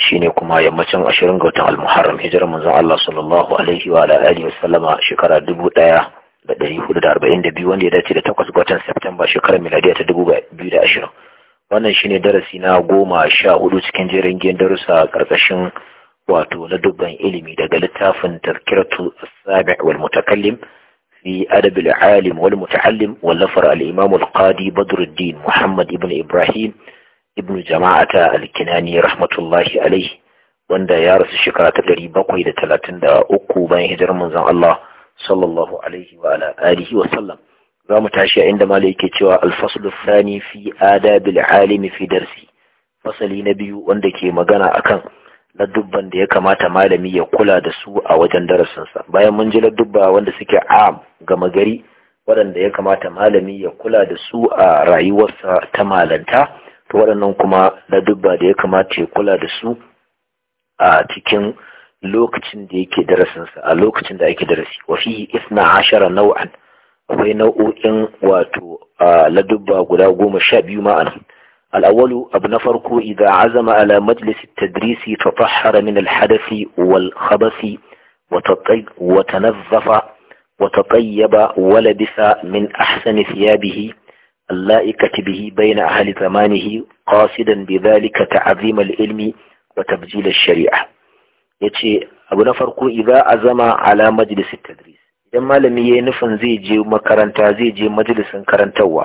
shine kuma yammacin ashirin ga watan al-muharram hijirar manzon Allah sallallahu alaihi wa alihi wa shekara dubu ɗaya da ɗari hudu da arba'in da biyu wanda ya dace da takwas ga watan Septemba shekarar miladiya ta dubu wannan shine darasi na goma sha hudu cikin jerin giyan darussa karkashin wato na dubban ilimi daga littafin tazkiratu as-sabi' wal mutakallim fi adab al-alim wal muta'allim wallafar al-imam al-qadi badruddin muhammad ibn ibrahim ibn jama'ata al-kinani rahmatullahi alaihi wanda ya rasu shekara ta ɗari bakwai da talatin da uku bayan hijirar manzon Allah sallallahu alaihi wa ala alihi wa sallam za mu tashi a inda malai yake cewa alfaslu Sani, fi adabil alimi fi darsi fasali na biyu wanda ke magana akan ladubban da ya kamata malami ya kula da su a wajen darasinsa bayan mun ji ladubba wanda suke am gama gari waɗanda ya kamata malami ya kula da su a rayuwarsa ta malanta to waɗannan kuma na dubba da ya kamata ya kula da su a cikin lokacin da yake darasinsa a lokacin da ake darasi wa fi isna ashara nau'an akwai nau'o'in wato dubba guda goma sha biyu ma'ana al'awalu abu na farko idan azama ala majalisi tadrisi ta fahara min al wal khabasi wata tanazzafa wata tatayyaba wala bisa min ahsani thiyabihi bihi اللائقة به بين أهل زمانه قاصدا بذلك تعظيم العلم وتبجيل الشريعة yace abu na farko idza azama ala majlis tadris idan malami yayi nufin zai je makaranta zai je majalisin karantarwa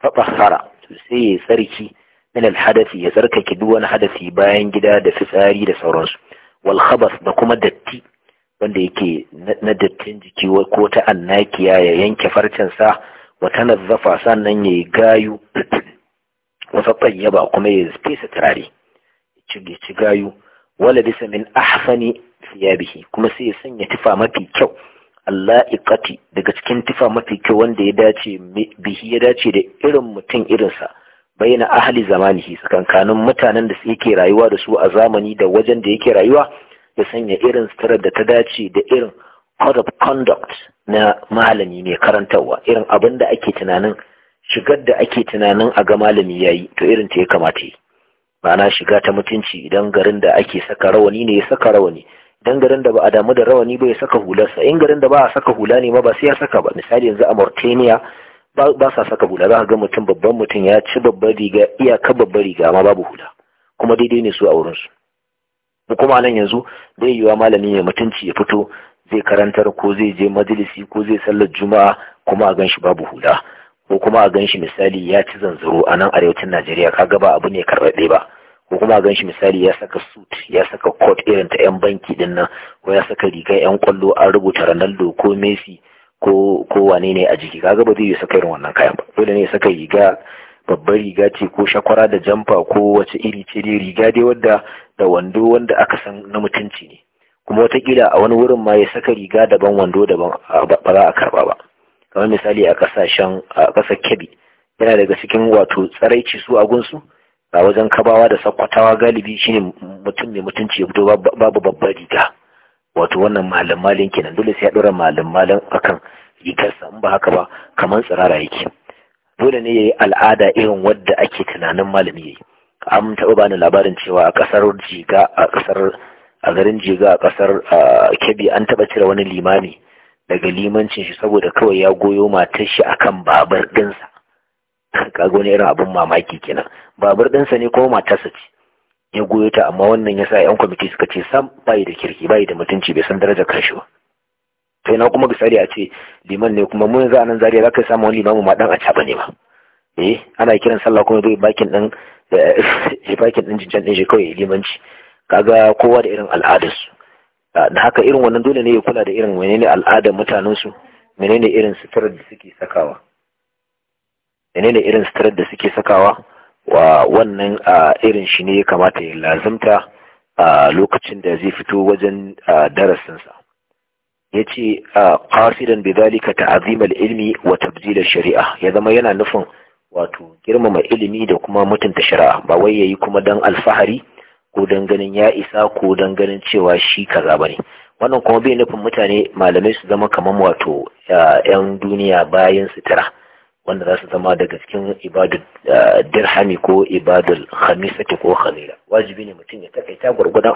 fa bahara to sai ya tsarki min hadafi ya tsarkaki duwan hadafi bayan gida da fitsari da sauransu wal da kuma datti wanda yake na dattin jiki ko ta annakiya ya yanke farcen sa wata nazzafa sannan ya yi gayu wata tayyaba kuma ya fesa turare ya ci gayu wala bisa min ahsani bihi, kuma sai ya sanya tufa mafi kyau Allah daga cikin tufa mafi kyau wanda ya dace bihi ya dace da irin mutum irinsa bayyana ahli zamanihi tsakankanin mutanen da suke rayuwa da su a zamani da wajen da yake rayuwa ya sanya irin sutarar da ta dace da irin code of conduct na malami mai karantarwa irin abin da ake tunanin shigar da ake tunanin a ga malami ya yi to irin ta ya kamata yi ma'ana shiga ta mutunci idan garin da ake saka rawani ne ya saka rawani idan garin da ba a damu da rawani ba ya saka hularsa in garin da ba a saka hula ne ma ba sai ya saka ba misali yanzu a Mauritania ba sa saka hula za ga mutum babban mutum ya ci babbar riga iyaka babbar riga amma babu hula kuma daidai ne su a wurinsu kuma nan yanzu bai yiwa malami ya mutunci ya fito zai karantar ko zai je majalisi ko zai sallar juma'a kuma a ganshi babu hula ko kuma a ganshi misali ya ci zanzaro a nan arewacin Najeriya kaga ba abu ne karɓaɓɓe ba ko kuma a ganshi misali ya saka suit ya saka coat irin ta yan banki din nan ko ya saka rigar yan kwallo an rubuta Ronaldo ko Messi ko ko wane ne a jiki kaga ba zai yi saka irin wannan kayan ba dole ne ya saka riga babbar riga ce ko shakwara da jamfa ko wace iri ce dai riga dai wadda da wando wanda aka san na mutunci ne kuma watakila a wani wurin ma ya saka riga daban wando daban ba za a karba ba kamar misali a kasashen a kasa kebbi yana daga cikin wato tsaraici su a gunsu a wajen kabawa da sakwatawa galibi shine mutum mai mutunci ya fito babu babbar riga wato wannan malam malin kenan dole sai ya dora malam malin akan rigarsa in ba haka ba kamar tsirara yake dole ne yayi al'ada irin wadda ake tunanin malami yayi an taɓa bani labarin cewa a ƙasar jiga a ƙasar a garin Jiga a kasar kebbi an taba cire wani limami daga limancin shi saboda kawai ya goyo matar shi akan babar dinsa ga wani irin abin mamaki kenan babar dinsa ne kuma matarsa ce ya goyo ta amma wannan yasa yan kwamiti suka ce sam bai da kirki bai da mutunci bai san darajar kanshi ba to ina kuma misali a ce liman ne kuma mun yanzu a nan zariya zaka samu wani limamu ma dan a caba ne ba eh ana kiran sallah kuma bai bakin din eh, bakin din jinjan shi kawai limanci kaga kowa da irin al'adarsu ah, da haka irin wannan dole ne ya kula da irin menene al'adar mutanensu menene irin sutura da suke sakawa menene irin da suke sakawa wa wannan ah, irin shi ne ya kamata ya lazimta a ah, lokacin da zai fito wajen darasinsa ya ce qasidan bi zalika ta'zim ilmi wa tabdil sharia ya zama yana nufin wato girmama ilimi da kuma mutunta shari'a ba wai yayi kuma dan alfahari ko dan ganin ya isa ko dan ganin cewa shi kaza bane wannan kuma bai nufin mutane malamai su zama kamar wato yan duniya bayan sutura wanda za su zama daga cikin ibadul eh, dirhami ko ibadul khamisati ko khamila wajibi ne mutum ya takaita gwargwadon